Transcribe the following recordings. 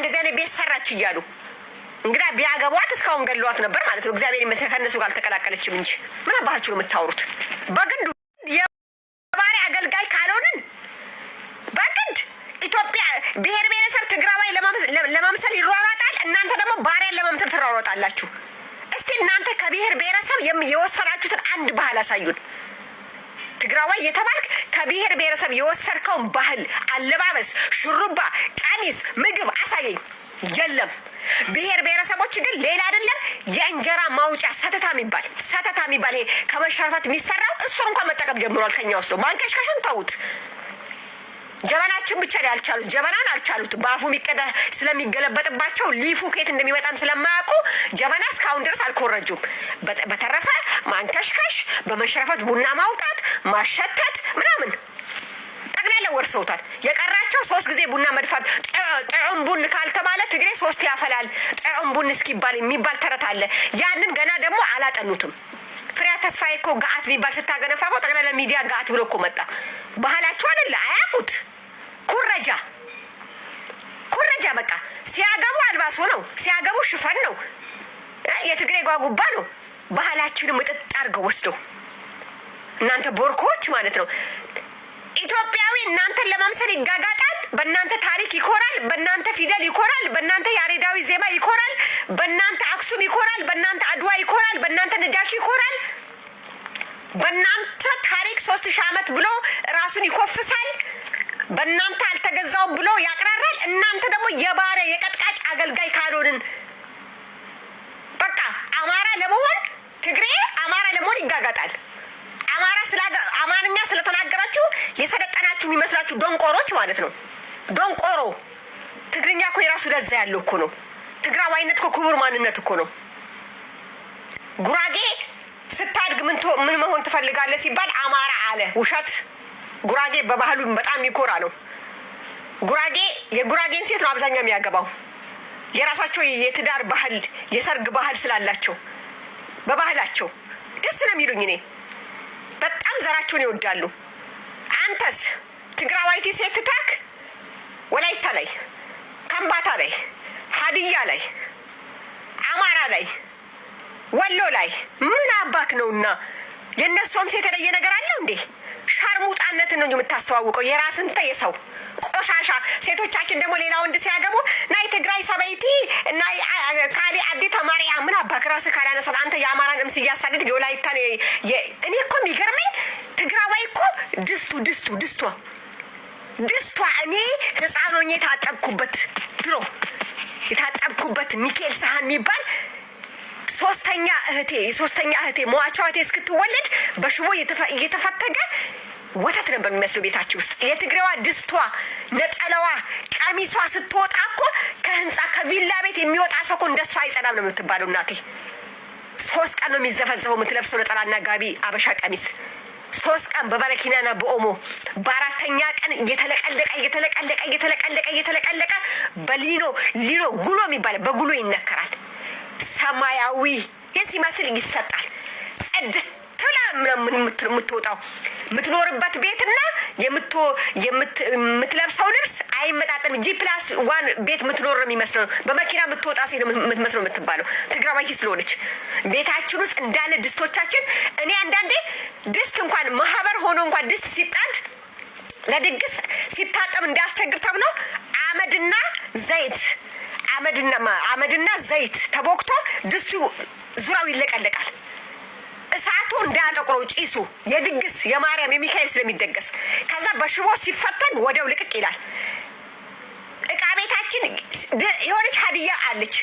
እንደዚህ አይነት ቤት ሰራች እያሉ እንግዳ ቢያገቧት እስካሁን ገለዋት ነበር ማለት ነው። እግዚአብሔር ይመስገን ከእነሱ ጋር አልተቀላቀለችም እንጂ ምን አባታችሁ ነው የምታወሩት? በግድ የባሪ አገልጋይ ካልሆንን በግንድ ኢትዮጵያ ብሔር ብሔረሰብ ትግራዋይ ለመምሰል ይሯሯጣል። እናንተ ደግሞ ባሪያን ለመምሰል ትሯሯጣላችሁ። እስቲ እናንተ ከብሔር ብሔረሰብ የወሰናችሁትን አንድ ባህል አሳዩን። ትግራዋይ እየተባልክ ከብሔር ብሔረሰብ የወሰድከውን ባህል፣ አለባበስ፣ ሹሩባ፣ ቀሚስ፣ ምግብ አሳየኝ። የለም ብሔር ብሔረሰቦች ግን ሌላ አይደለም። የእንጀራ ማውጫ ሰተታ የሚባል ሰተታ የሚባል ከመሸራፈት የሚሰራው እሱን እንኳን መጠቀም ጀምሯል። ከኛ ወስዶ ማንከሽከሹን ተዉት። ጀበናችን ብቻ ያልቻሉት ጀበናን አልቻሉት። በአፉ የሚቀዳ ስለሚገለበጥባቸው ሊፉ ከየት እንደሚመጣም ስለማያውቁ ጀበና እስካሁን ድረስ አልኮረጁም። በተረፈ ማንከሽከሽ፣ በመሸረፈት ቡና ማውጣት፣ ማሸተት ምናምን ጠቅላላ ወርሰውታል። የቀራቸው ሶስት ጊዜ ቡና መድፋት። ጥዑም ቡን ካልተባለ ትግሬ ሶስት ያፈላል ጥዑም ቡን እስኪባል የሚባል ተረት አለ። ያንን ገና ደግሞ አላጠኑትም። ፍሬያ ተስፋዬ እኮ ጋአት ቢባል ስታገነፋበው ጠቅላላ ሚዲያ ጋአት ብሎ እኮ መጣ። ባህላችሁ አይደለ አያውቁት ኩረጃ ኩረጃ በቃ ሲያገቡ አልባሶ ነው፣ ሲያገቡ ሽፈን ነው፣ የትግሬ ጓጉባ ነው። ባህላችንም ምጥጥ አድርገው ወስደው እናንተ ቦርኮዎች ማለት ነው። ኢትዮጵያዊ እናንተን ለመምሰል ይጋጋጣል። በእናንተ ታሪክ ይኮራል። በእናንተ ፊደል ይኮራል። በእናንተ ያሬዳዊ ዜማ ይኮራል። በእናንተ አክሱም ይኮራል። በእናንተ አድዋ ይኮራል። በእናንተ ነጃሽ ይኮራል። በእናንተ ታሪክ ሶስት ሺህ ዓመት ብሎ ራሱን ይኮፍሳል። በእናንተ አልተገዛው ብሎ ያቅራራል። እናንተ ደግሞ የባሪያ የቀጥቃጭ አገልጋይ ካልሆንን በቃ አማራ ለመሆን ትግሬ አማራ ለመሆን ይጋጋጣል። አማራ አማርኛ ስለተናገራችሁ የሰለጠናችሁ የሚመስላችሁ ዶንቆሮች ማለት ነው። ዶንቆሮ ትግርኛ እኮ የራሱ ለዛ ያለው እኮ ነው። ትግራዋይነት እኮ ክቡር ማንነት እኮ ነው። ጉራጌ ስታድግ ምን መሆን ትፈልጋለህ ሲባል አማራ አለ። ውሸት ጉራጌ በባህሉ በጣም ይኮራ ነው። ጉራጌ የጉራጌን ሴት ነው አብዛኛው የሚያገባው። የራሳቸው የትዳር ባህል የሰርግ ባህል ስላላቸው በባህላቸው ደስ ነው የሚሉኝ። እኔ በጣም ዘራቸውን ይወዳሉ። አንተስ ትግራዋይቲ ሴት ታክ ወላይታ ላይ፣ ከምባታ ላይ፣ ሀዲያ ላይ፣ አማራ ላይ፣ ወሎ ላይ ምን አባክ ነውና የእነሱም ሴት የተለየ ነገር አለው እንዴ? ሸርሙጣነትን ነው የምታስተዋውቀው። የራስን ተ የሰው ቆሻሻ። ሴቶቻችን ደግሞ ሌላ ወንድ ሲያገቡ ናይ ትግራይ ሰበይቲ ናይ ካሊ አዲ ተማሪያ ምን አባክራስ ካላነሳት አንተ የአማራን እምስ እያሳደድ የወላይታ እኔ እኮ የሚገርመኝ ትግራዋይ እኮ ድስቱ ድስቱ ድስቷ ድስቷ እኔ ህፃኖኜ የታጠብኩበት ድሮ የታጠብኩበት ሚካኤል ሳህን የሚባል ሶስተኛ እህቴ የሶስተኛ እህቴ ሟቿ እህቴ እስክትወለድ በሽቦ እየተፈተገ ወተት ነበር የሚመስለው ቤታችሁ ውስጥ። የትግሬዋ ድስቷ፣ ነጠለዋ፣ ቀሚሷ ስትወጣ እኮ ከህንፃ ከቪላ ቤት የሚወጣ ሰው እኮ እንደሷ አይጸዳም ነው የምትባለው እናቴ። ሶስት ቀን ነው የሚዘፈዘፈው የምትለብሰው ነጠላና ጋቢ አበሻ ቀሚስ ሶስት ቀን በበረኪናና በኦሞ በአራተኛ ቀን እየተለቀለቀ እየተለቀለቀ እየተለቀለቀ እየተለቀለቀ በሊኖ ሊኖ ጉሎ የሚባለ በጉሎ ይነከራል። ሰማያዊ ይህ ሲመስል ይሰጣል። ጸድት ትብላ የምትወጣው የምትኖርበት ቤትና የምትለብሰው ልብስ አይመጣጠም። ጂ ፕላስ ዋን ቤት የምትኖር ነው የሚመስለው። በመኪና የምትወጣ ሴት የምትመስለው የምትባለው ትግራባይቲ ስለሆነች ቤታችን ውስጥ እንዳለ ድስቶቻችን። እኔ አንዳንዴ ድስት እንኳን ማህበር ሆኖ እንኳን ድስት ሲጣድ ለድግስ ሲታጠብ እንዳያስቸግር ተብሎ አመድና ዘይት አመድና ዘይት ተቦክቶ ድስቱ ዙሪያው ይለቀለቃል። እሳቱ እንዳያጠቁረው ጭሱ የድግስ የማርያም የሚካኤል ስለሚደገስ ከዛ በሽቦ ሲፈተን ወደው ልቅቅ ይላል። እቃ ቤታችን የሆነች ሀዲያ አለች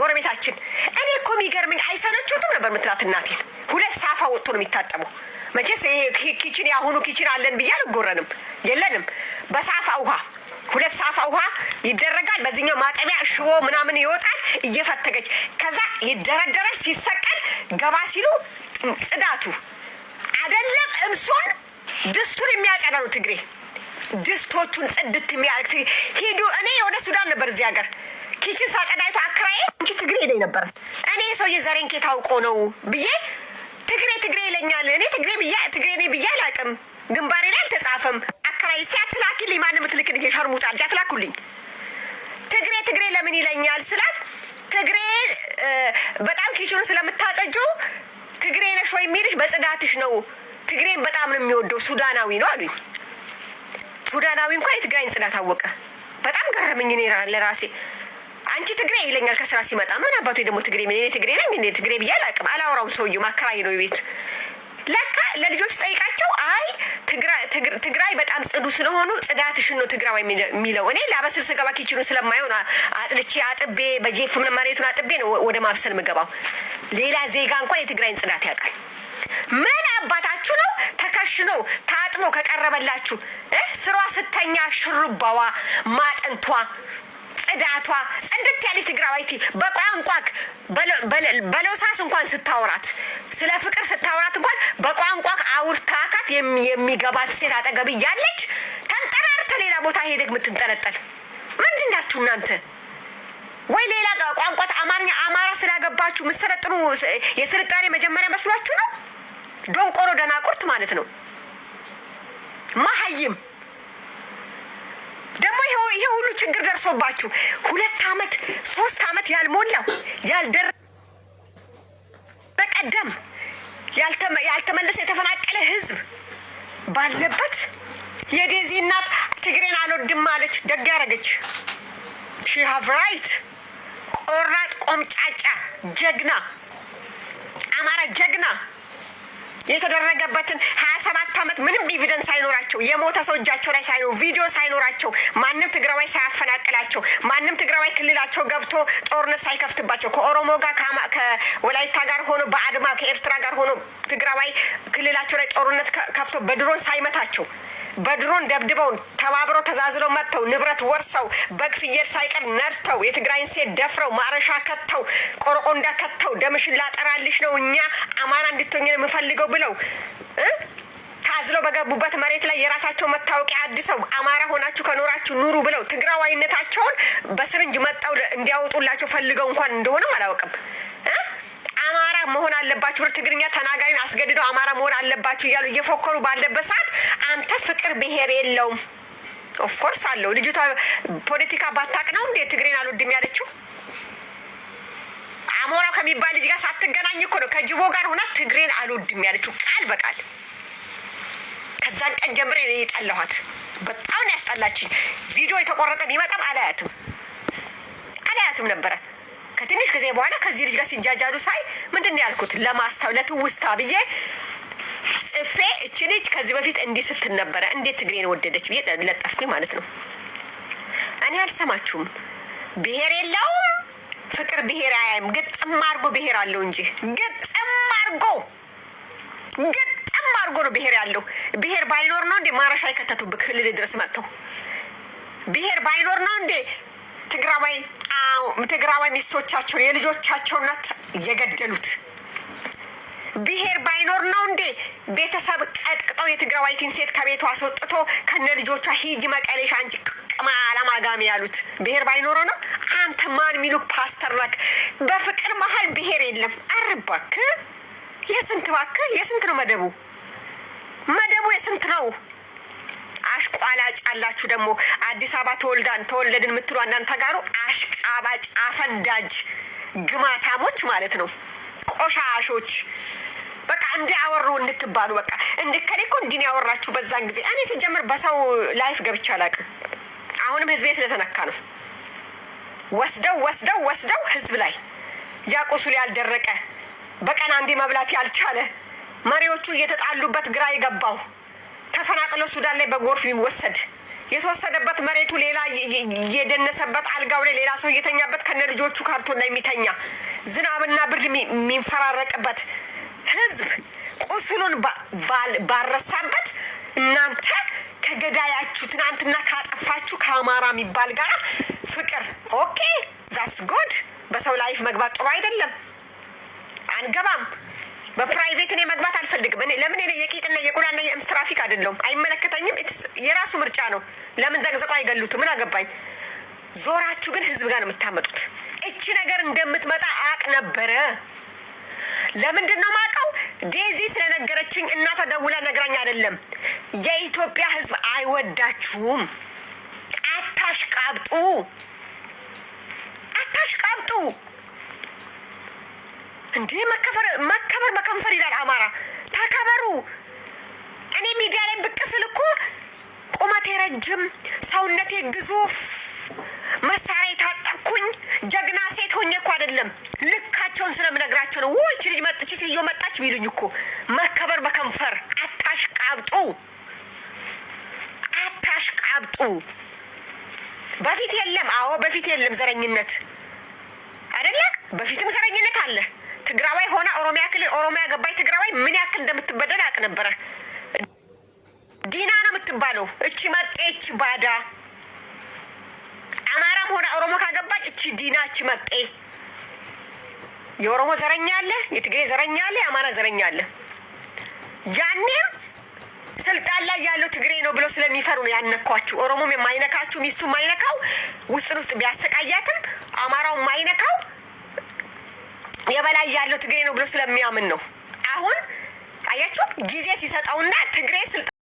ጎረቤታችን። እኔ እኮ የሚገርምኝ አይሰለችትም ነበር ምትላት እናቴን። ሁለት ሳፋ ወጥቶ ነው የሚታጠበው። መቼስ ኪችን የአሁኑ ኪችን አለን ብዬ አልጎረንም የለንም። በሳፋ ውሃ ሁለት ሳፋ ውሃ ይደረጋል። በዚህኛው ማጠቢያ ሽቦ ምናምን ይወጣል። እየፈተገች ከዛ ይደረደራል። ሲሰቀል ገባ ሲሉ ጽዳቱ አይደለም እምሱን ድስቱን የሚያጸዳ ነው ትግሬ ድስቶቹን ጽድት የሚያደርግ ሂዱ። እኔ ወደ ሱዳን ነበር እዚህ ሀገር ኪችን ሳጸዳይቶ አክራዬ እንኪ ትግሬ ይለኝ ነበር። እኔ ሰውዬ ዘሬን ኬት አውቆ ነው ብዬ ትግሬ ትግሬ ይለኛል። እኔ ትግሬ ብዬ በጽዳትሽ ነው። ትግሬን በጣም ነው የሚወደው ሱዳናዊ ነው አሉኝ። ሱዳናዊ እንኳን የትግራይን ጽዳት አወቀ። በጣም ገረመኝ። እኔ ለራሴ አንቺ ትግሬ ይለኛል ከስራ ሲመጣ። ምን አባቱ ደግሞ ትግሬ ምን ትግሬ ነኝ እንዴ? ትግሬ ብዬ አላውቅም። አላወራውም። ሰውዬው ማከራይ ነው ቤት ለካ ለልጆች ጠይቃቸው። አይ ትግራይ በጣም ጽዱ ስለሆኑ ጽዳትሽን ነው ትግራዊ የሚለው። እኔ ላበስል ስገባ ኪችኑ ስለማይሆን አጥልቼ አጥቤ በጄፍ መሬቱን አጥቤ ነው ወደ ማብሰል ምገባው። ሌላ ዜጋ እንኳን የትግራይን ጽዳት ያውቃል። ምን አባታችሁ ነው ተከሽኖ ታጥሞ ከቀረበላችሁ ስሯ ስተኛ ሽሩባዋ ማጠንቷ ጽዳቷ ጽድት ያለ ትግራዋይቲ በቋንቋክ በለውሳስ እንኳን ስታወራት ስለ ፍቅር ስታወራት እንኳን በቋንቋክ አውርታካት የሚገባት ሴት አጠገብ እያለች ተንጠራርተ ሌላ ቦታ ሄደግ የምትንጠለጠል ምንድን ናችሁ እናንተ? ወይ ሌላ ቋንቋት አማርኛ አማራ ስላገባችሁ ምሰለጥኑ የስልጣኔ መጀመሪያ መስሏችሁ ነው። ዶንቆሮ ደናቁርት ማለት ነው። ማሀይም ደግሞ ይሄ ሁሉ ችግር ደርሶባችሁ ሁለት አመት ሶስት አመት ያልሞላው ያልደረ በቀደም ያልተመለሰ የተፈናቀለ ህዝብ ባለበት የዴዚ እናት ትግሬን አልወድም አለች። ደግ ያደረገች። ሺ ሃቭ ራይት። ቆራጥ፣ ቆምጫጫ፣ ጀግና አማራ ጀግና የተደረገበትን ሀያ ሰባት ዓመት ምንም ኤቪደንስ ሳይኖራቸው የሞተ ሰው እጃቸው ላይ ሳይኖ ቪዲዮ ሳይኖራቸው ማንም ትግራዋይ ሳያፈናቅላቸው ማንም ትግራዋይ ክልላቸው ገብቶ ጦርነት ሳይከፍትባቸው ከኦሮሞ ጋር ከወላይታ ጋር ሆኖ በአድማ ከኤርትራ ጋር ሆኖ ትግራዋይ ክልላቸው ላይ ጦርነት ከፍቶ በድሮን ሳይመታቸው በድሮን ደብድበው ተባብረው ተዛዝለው መጥተው ንብረት ወርሰው በግ ፍየል ሳይቀር ነድተው የትግራይን ሴት ደፍረው ማረሻ ከተው ቆረቆንዳ ከተው ደምሽን ላጠራልሽ ነው እኛ አማራ እንድትሆኝ ነው የምፈልገው ብለው ታዝለው በገቡበት መሬት ላይ የራሳቸው መታወቂያ አድሰው አማራ ሆናችሁ ከኖራችሁ ኑሩ ብለው ትግራዋይነታቸውን በስርንጅ መጠው እንዲያወጡላቸው ፈልገው እንኳን እንደሆነም አላውቅም። አማራ መሆን አለባችሁ ብለው ትግርኛ ተናጋሪን አስገድደው አማራ መሆን አለባችሁ እያሉ እየፎከሩ ባለበት ሰዓት ለአንተ ፍቅር ብሄር የለውም። ኦፍኮርስ አለው። ልጅቷ ፖለቲካ ባታቅ ነው እንዴ ትግሬን አልወድም ያለችው? አሞራው ከሚባል ልጅ ጋር ሳትገናኝ እኮ ነው ከጅቦ ጋር ሆና ትግሬን አልወድም ያለችው ቃል በቃል። ከዛን ቀን ጀምሬ የጠላኋት በጣም ነው ያስጠላችኝ። ቪዲዮ የተቆረጠ ቢመጣም አላያትም አላያትም ነበረ። ከትንሽ ጊዜ በኋላ ከዚህ ልጅ ጋር ሲጃጃሉ ሳይ ምንድን ነው ያልኩት ለማስታብ ለትውስታ ብዬ ጽፌ እች ልጅ ከዚህ በፊት እንዲህ ስትል ነበረ እንዴት ትግሬን ወደደች ብዬ ለጠፍኩኝ ማለት ነው። እኔ አልሰማችሁም። ብሄር የለውም ፍቅር ብሄር አያይም። ግጥም አድርጎ ብሄር አለው እንጂ ግጥም አድርጎ ግጥም አድርጎ ነው ብሄር ያለው። ብሄር ባይኖር ነው እንዴ ማረሻ የከተቱብህ ክልል ድረስ መጥተው? ብሄር ባይኖር ነው እንዴ ትግራዋይ ትግራዋይ ሚስቶቻቸውን የልጆቻቸው እናት የገደሉት? ብሄር ባይኖር ነው እንዴ? ቤተሰብ ቀጥቅጠው የትግራዋይትን ሴት ከቤቷ አስወጥቶ ከነ ልጆቿ ሂጂ መቀሌሽ አንቺ ቅማ አላማጋሚ ያሉት ብሄር ባይኖረ ነው። አንተ ማን ሚሉክ ፓስተር ነክ። በፍቅር መሀል ብሄር የለም። አርባክ የስንት ባክ የስንት ነው መደቡ መደቡ የስንት ነው? አሽቋላጭ አላችሁ ደግሞ አዲስ አበባ ተወልዳን ተወለድን የምትሉ አንዳንድ ተጋሩ አሽቃባጭ አፈንዳጅ ግማታሞች ማለት ነው። ቆሻሾች በቃ እንዲያወሩ እንድትባሉ በቃ እንድከሌ እኮ ያወራችሁ በዛን ጊዜ። እኔ ስጀምር በሰው ላይፍ ገብቼ አላውቅም። አሁንም ህዝቤ ስለተነካ ነው። ወስደው ወስደው ወስደው ህዝብ ላይ ያቆሱል ያልደረቀ በቀን አንዴ መብላት ያልቻለ መሪዎቹ እየተጣሉበት ግራ የገባው ተፈናቅሎ ሱዳን ላይ በጎርፍ የሚወሰድ የተወሰደበት መሬቱ ሌላ የደነሰበት አልጋው ላይ ሌላ ሰው እየተኛበት ከነ ልጆቹ ካርቶን ላይ የሚተኛ ዝናብና ብርድ የሚንፈራረቅበት ህዝብ ቁስሉን ባረሳበት እናንተ ከገዳያችሁ ትናንትና ካጠፋችሁ ከአማራ የሚባል ጋር ፍቅር ኦኬ፣ ዛስ ጎድ። በሰው ላይፍ መግባት ጥሩ አይደለም። አንገባም። በፕራይቬት እኔ መግባት አልፈልግም። እኔ ለምን እኔ የቂጥና የቁላና የእምስ ትራፊክ አይደለሁም፣ አይመለከተኝም። የራሱ ምርጫ ነው። ለምን ዘቅዘቁ አይገሉትም? ምን አገባኝ። ዞራችሁ ግን ህዝብ ጋር ነው የምታመጡት። እቺ ነገር እንደምትመጣ ነበረ። ለምንድን ነው ማውቀው? ዴዚ ስለነገረችኝ እናቷ ደውላ ነግራኝ አይደለም። የኢትዮጵያ ሕዝብ አይወዳችሁም። አታሽቃብጡ፣ አታሽቃብጡ። እንዴ መከበር በከንፈር ይላል አማራ። ተከበሩ። እኔ ሚዲያ ላይ ብቅ ስል እኮ ቁመቴ ረጅም፣ ሰውነቴ ግዙፍ፣ መሳሪያ የታጠቅኩኝ ጀግና ሴት ሆኜ እኮ አይደለም። ልካቸውን ስለምነግራቸው ነው። ውች ልጅ መጥች ስዮ መጣች ቢሉኝ እኮ መከበር በከንፈር አታሽ ቃብጡ በፊት የለም። አዎ በፊት የለም ዘረኝነት አይደለ? በፊትም ዘረኝነት አለ። ትግራዋይ ሆና ኦሮሚያ ክልል ኦሮሚያ ገባይ ትግራዋይ ምን ያክል እንደምትበደል አውቅ ነበረ። ዲና ነው የምትባለው እቺ መጤ እቺ ባዳ። አማራም ሆና ኦሮሞ ካገባች እቺ ዲና እቺ መጤ የኦሮሞ ዘረኛ አለ፣ የትግሬ ዘረኛ አለ፣ የአማራ ዘረኛ አለ። ያኔም ስልጣን ላይ ያለው ትግሬ ነው ብለው ስለሚፈሩ ነው ያነኳችሁ። ኦሮሞም የማይነካችሁ ሚስቱ ማይነካው ውስጥን ውስጥ ቢያሰቃያትም አማራው ማይነካው የበላይ ያለው ትግሬ ነው ብሎ ስለሚያምን ነው። አሁን አያችሁ ጊዜ ሲሰጠውና ትግሬ ስልጣ